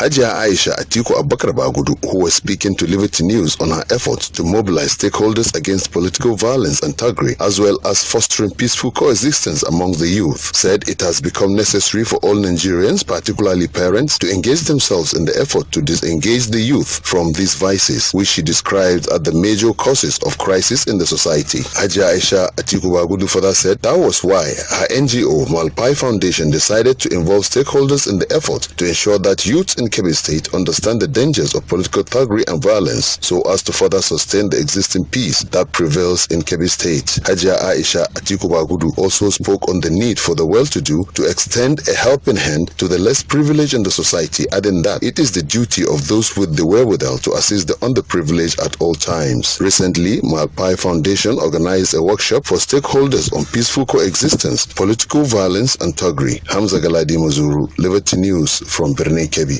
Hajiya Aisha Atiku Abubakar Bagudu, who was speaking to Liberty News on her efforts to mobilize stakeholders against political violence and thuggery, as well as fostering peaceful coexistence among the youth, said it has become necessary for all Nigerians, particularly parents, to engage themselves in the effort to disengage the youth from these vices, which she described as the major causes of crisis in the society. Hajiya Aisha Atiku Bagudu further said that was why her NGO, Malpai Foundation, decided to involve stakeholders in the effort to ensure that youths in Kebbi State understand the dangers of political thuggery and violence so as to further sustain the existing peace that prevails in Kebbi State. Hajia Aisha Atikubagudu also spoke on the need for the well-to-do to extend a helping hand to the less privileged in the society, adding that it is the duty of those with the wherewithal to assist the underprivileged at all times. Recently, Malpai Foundation organized a workshop for stakeholders on peaceful coexistence, political violence, and thuggery. Hamza Galadi Mazuru, Liberty News from Birne Kebbi.